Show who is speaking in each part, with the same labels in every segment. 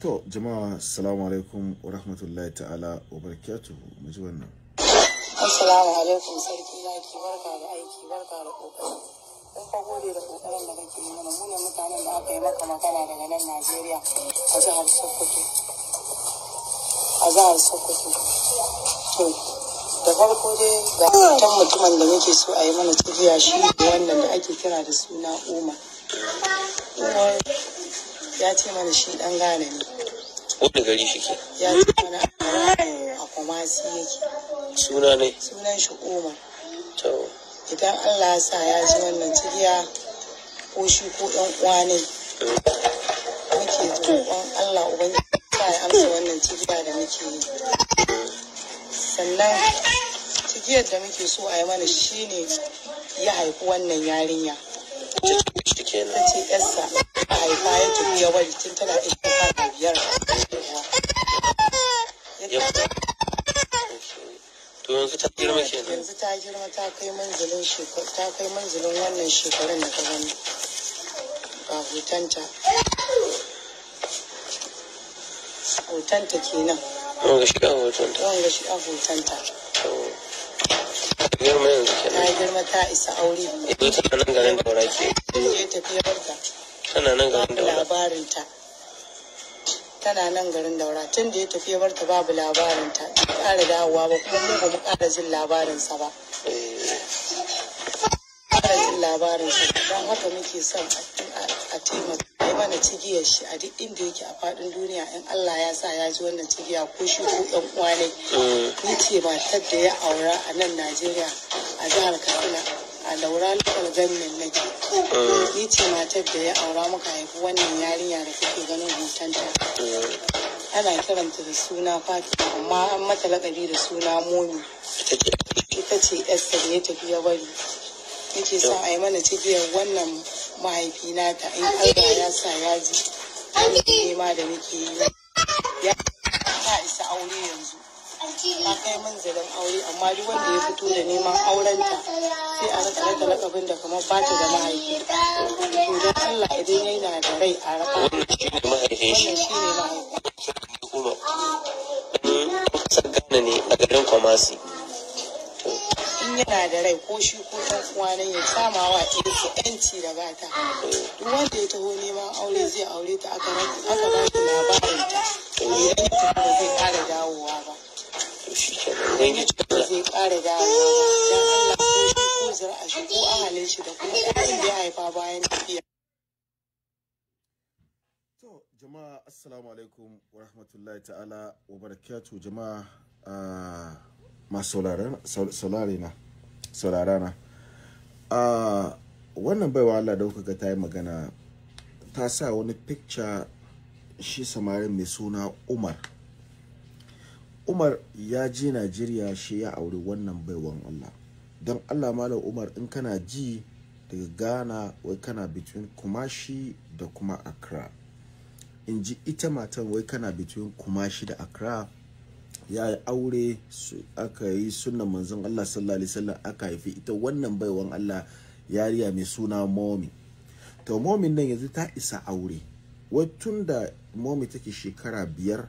Speaker 1: to jama'a assalamu alaikum wa rahmatullahi ta'ala wa barakatuhu mu ji wannan
Speaker 2: assalamu alaikum sarki laki barka da aiki barka da kokari ka gode da kokarin da kake yi mana mune mutanen da aka yi maka magana daga nan Najeriya a jihar Sokoto a jihar Sokoto to da farko dai ga mutum mutumin da muke so a yi mana tafiya shi wannan da ake kira da suna Umar ya ce mana shi dan gane ne wanda gari shi ke ya ce mana a kwamasi yake suna ne sunan shi umar idan allah sa ya ji wannan cikiya ko shi ko yan uwa ne muke zuwan allah ubangiji sa ya amsa wannan cikiya da muke yi sannan cikiyar da muke so a yi mana shi ne ya haifi wannan yarinya ta ce yarsa yanzu ta girma ta kai manzilin ta kai manzilin wannan shekarun da ta gani ba hutanta hutanta kenan wanga shi a hutanta ta girma ta isa aure yanzu tana nan garin daura ke tafi ya tana nan garin daura ta tana nan garin daura tun da ya tafi bar ta babu labarin ta kare dawowa ba kuma mu ba mu ƙara jin labarinsa ba kare jin labarinsa don haka muke son a taimaka kai mana cigiyar shi a duk inda yake a faɗin duniya in Allah ya sa ya ji wannan cigiya ko shi ko ɗan uwa ne mm. ni ce matar da ya aura a nan Najeriya a jihar Katsina a daura lokal gannin nake ni ce matar da ya aura muka haifi wannan yarinya da kake ganin ta. ana kiranta da suna fatima amma an mata lakabi da suna momi ita ce esta da ya tafi ya bari nake son a yi mana cibiyar wannan mahaifi ta in allah ya sa ya ji nema da nake yi ya isa aure yanzu ta kai zaren aure amma duk wanda ya fito da neman aurenta sai a raka raka lakabin da kamar ba ta da mahaifi to Allah Allah idan yana da rai a rafa wannan ne mahaifin shi ne mahaifin ne a garin Kwamasi in yana da rai ko shi ko ɗan nan ya sama wa ɗansu ƴanci da gata eh. duk wanda ya taho neman aure zai aure ta aka ba shi labarin ta ubangiji zai ƙara dawowa ba zai ƙara dawowa ba shi da kuma ɗan da haifa bayan tafiya
Speaker 1: to jama'a assalamu alaikum wa rahmatullahi ta'ala wa barakatu jama'a ah, masu saurarana ah, wannan baiwa Allah da kuka ga ta yi magana ta sa wani picture shi samarin mai suna umar umar ya je najeriya shi ya auri wannan baiwan allah don allah malam umar in kana ji daga ghana wai kana between kumashi da kuma accra in ji ita matan wai kana between kumashi da accra ya yi aure aka yi sunan manzon allah sallallahu alaihi wasallam aka haifi ita wannan baiwan allah yariya mai suna momi to momin nan yanzu ta isa aure tun da momi take shekara biyar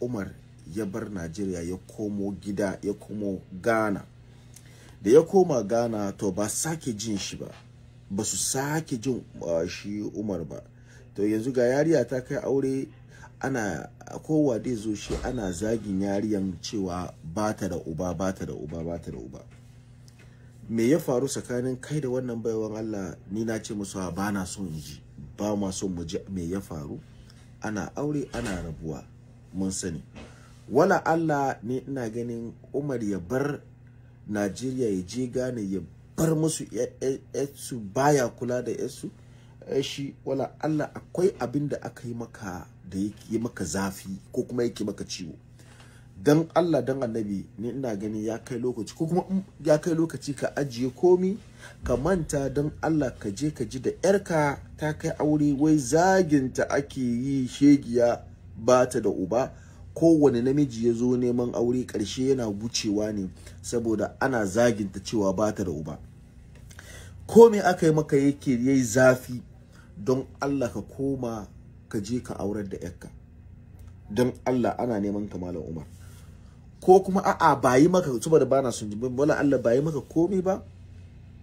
Speaker 1: umar ya bar najeriya ya komo gida ya komo ghana da ya koma ghana to ba sake jin shi ba ba su sake jin uh, shi umar ba to yanzu ga yariya ta kai aure ana kowa dai zo shi ana zagin yariyan cewa ba ta da uba ba ta da uba ba ta da uba me ya faru tsakanin kai da wannan baiwan allah ni na ce musu ba na son ji ba ma so mu ji me ya faru ana aure ana rabuwa mun sani wala Allah ne ina ganin Umar ya bar Najeriya ya je gane ya bar musu su baya kula da yasu eh, shi wala Allah akwai abin da aka yi maka da yake maka zafi ko kuma yake maka ciwo dan Allah dan annabi ni ina gani ya kai lokaci ko kuma ya kai lokaci ka ajiye komi ka manta dan Allah ka je ka ji da yarka ta kai aure wai zaginta ake yi shegiya ba ta da uba kowane namiji ya zo neman aure ƙarshe yana gucewa ne saboda ana zaginta cewa ba ta da uba ko me aka yi maka yake yayi zafi don Allah ka koma ka je ka aurar da yarka don Allah ana neman kamalan Umar ko kuma a'a ba yi maka da bana son jibin wala Allah ba yi maka komi ba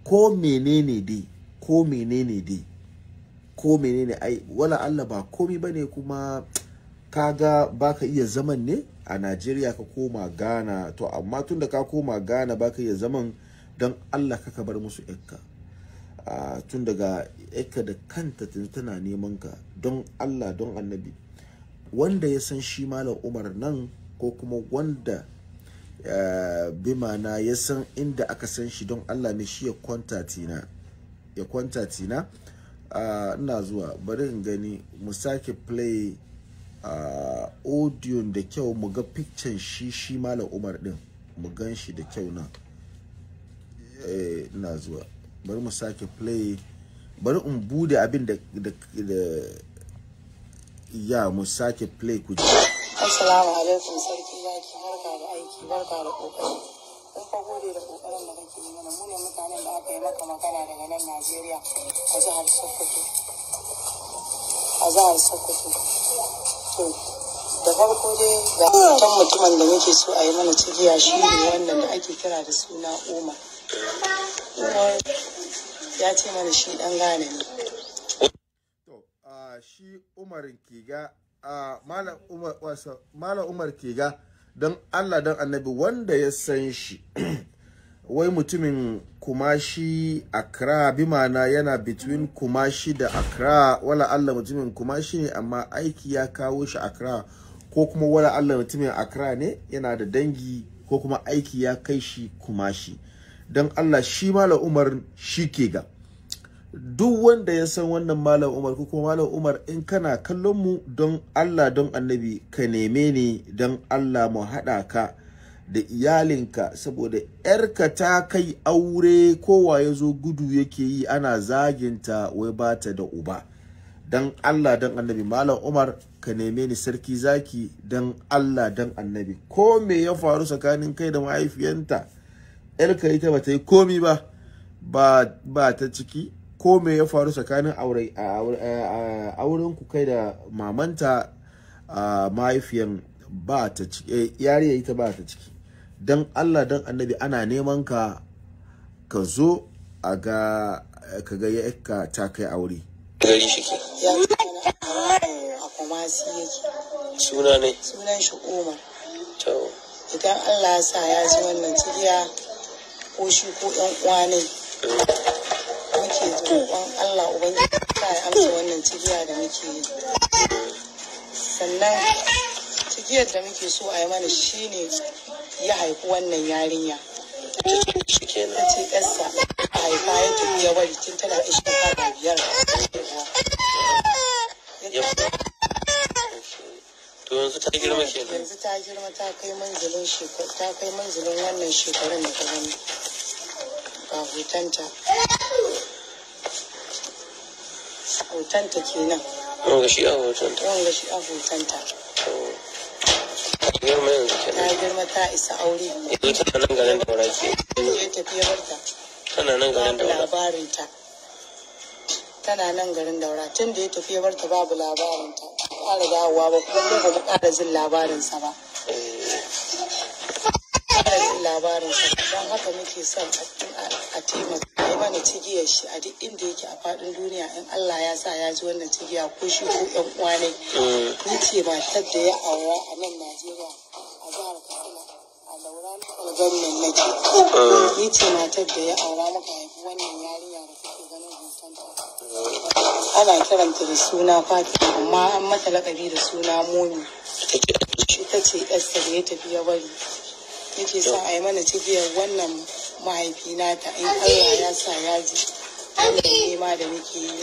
Speaker 1: ko menene dai ko menene dai ko menene ai wala Allah ba komi ba ne kuma kaga baka iya zaman ne a Najeriya ka koma Ghana to amma tun da ka koma Ghana baka iya zaman don Allah kaka bar musu ikka tun daga ikka da kanta tana neman ka don Allah don annabi wanda ya san shi malam Umar nan ko kuma wanda eh, na ya san inda aka san shi don Allah ne shi ya kwanta tina ah, ina zuwa bari in gani mu sake play ah, audio da kyau mu ga picture shi shi malam umar din mu gan shi da kyau na eh, ina zuwa bari mu sake play bari in bude abin da ya mu sake play ku
Speaker 2: Assalamu alaikum sarki zaki barka da aiki barka da kokari. In ka gode da kokarin da kake yi mana mu ne mutanen da aka yi maka magana daga nan Najeriya a jihar Sokoto. A jihar Sokoto. To da farko dai ga mutum mutumin da muke so a yi mana cigiya shi ne wannan da ake kira da suna Umar. ya ce mana shi dan gane ne.
Speaker 1: To shi Umarin Kiga a malam umar ke ga, kega don Allah don annabi wanda ya san shi wai mutumin kumashi akra bi mana yana between kumashi da akra wala Allah mutumin kumashi ne amma aiki ya kawo shi akra ko kuma wala Allah mutumin akra ne yana da dangi ko kuma aiki ya kai shi kumashi don Allah shi malam umar shi ke ga duk wanda ya san wannan malam umar ko kuma malam umar in kana kallon mu don allah don annabi ka neme ni don allah mu haɗa ka da iyalinka saboda yarka ta kai aure kowa ya zo gudu yake yi ana zaginta wai ba ta da uba don allah don annabi malam umar ka neme ni sarki zaki don allah don annabi ko me ya faru tsakanin kai da mahaifiyanta yarka ita ba ta yi komi ba ba ta ciki ko me ya faru tsakanin auren ku kai da mamanta mahaifiyan ba ta ciki eh, yariya ita ba ta ciki don Allah don annabi ana neman ka ka zo a ga ka ga ka ta kai aure a
Speaker 2: kuma suna ne sunan shi Umar idan Allah ya sa ya ji wannan cikiya ko shi ko yan uwa ne eh. muke roƙon Allah ubangiji ta ya amsa wannan cigiya da muke yi sannan cigiyar da muke so a yi mana ne ya haifi wannan yarinya ta ce ƙasa a haifa ya tafi ya bari tun tana ishe kwana biyar yanzu ta girma yanzu ta girma ta kai manzilin ta kai manzilin wannan shekarun da ta gani ga hotonta hotonta kenan wanga shi a wanda wanga shi a hotonta ta girma yanzu kenan ta girma ta isa aure yanzu tana nan garin daura ke ya tafi ya barta tana nan garin daura labarin ta tana nan garin daura tun da ya tafi ya barta babu labarin ta ƙara dawowa ba kuma ba mu ƙara jin labarinsa ba eh. ƙara jin labarinsa don haka muke son a taimaka yi mana cigiyar shi a duk inda yake a faɗin duniya in Allah ya sa ya ji wannan cigiya ko shi ko ƴan uwa ne ni ce matar da ya aura a nan Najeriya a jihar Katsina a Laura Algan nan nake ni ce matar da ya aura muka haifi wannan yarinya da kuke ganin hotonta ana kiranta da suna Fatima amma an mata lakabi da suna Momi ita ce Esther da ya tafi ya bari nake sa a yi mana cigiyar wannan mahaifina ta in Allah ya sa ya ji nema da muke yi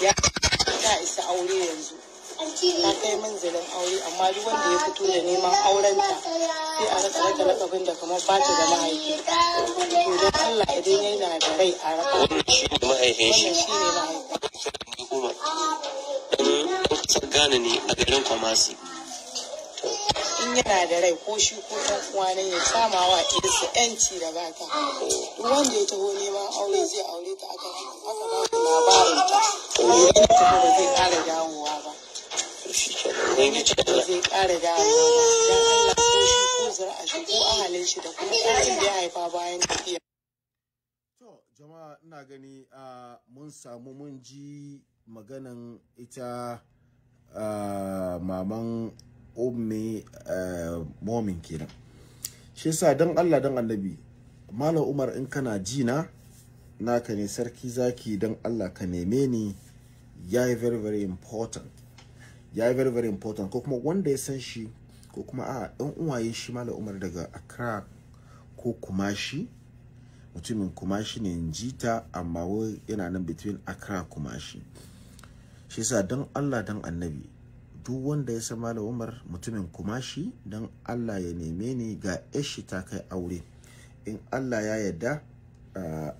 Speaker 2: ya ta isa aure yanzu ta kai min manzilin aure amma duk wanda ya fito da neman aurenta sai a raka raka lakabin da kamar ba ta da mahaifi to Allah idan yana da rai a raka wannan shi ne mahaifin shi ne mahaifin ne a garin Kwamasi. in yana da rai ko shi ko ɗan uwa ne ya sama wa irsu yanci da ba ta wanda ya taho neman aure zai aure ta aka aka ba ku labarin ta kuma idan ya taho ba zai ƙara dawowa ba idan ya taho ba zai ƙara dawowa ba dan Allah ko shi ko zura'a shi ko ahalin shi da kuma ko da ya haifa bayan tafiya
Speaker 1: jama'a ina gani mun samu mun ji maganan ita maman ummi eh, momin kenan shi yasa dan Allah dan annabi malam Umar in kana jina, na naka ne sarki zaki dan Allah ka neme ni ya yi very very important Ya yi very very important ko kuma wanda ya san shi ko kuma a ɗan uwaye shi malam Umar daga Accra ko Kumashi mutumin Kumashi ne jita amma wai yana nan between Accra Kumashi shi yasa dan Allah dan annabi duk wanda ya san malam umar mutumin kumashi don allah ya neme ni ga yashi ta kai aure in allah ya yadda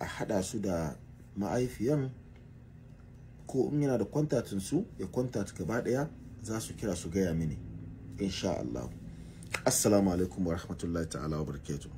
Speaker 1: a hada su da ma'aifiyan ko in yana da kwantatin su ya kwantata gaba daya za su kira su
Speaker 2: gaya mini insha allah assalamu alaikum wa rahmatullahi ta'ala wa barakatuh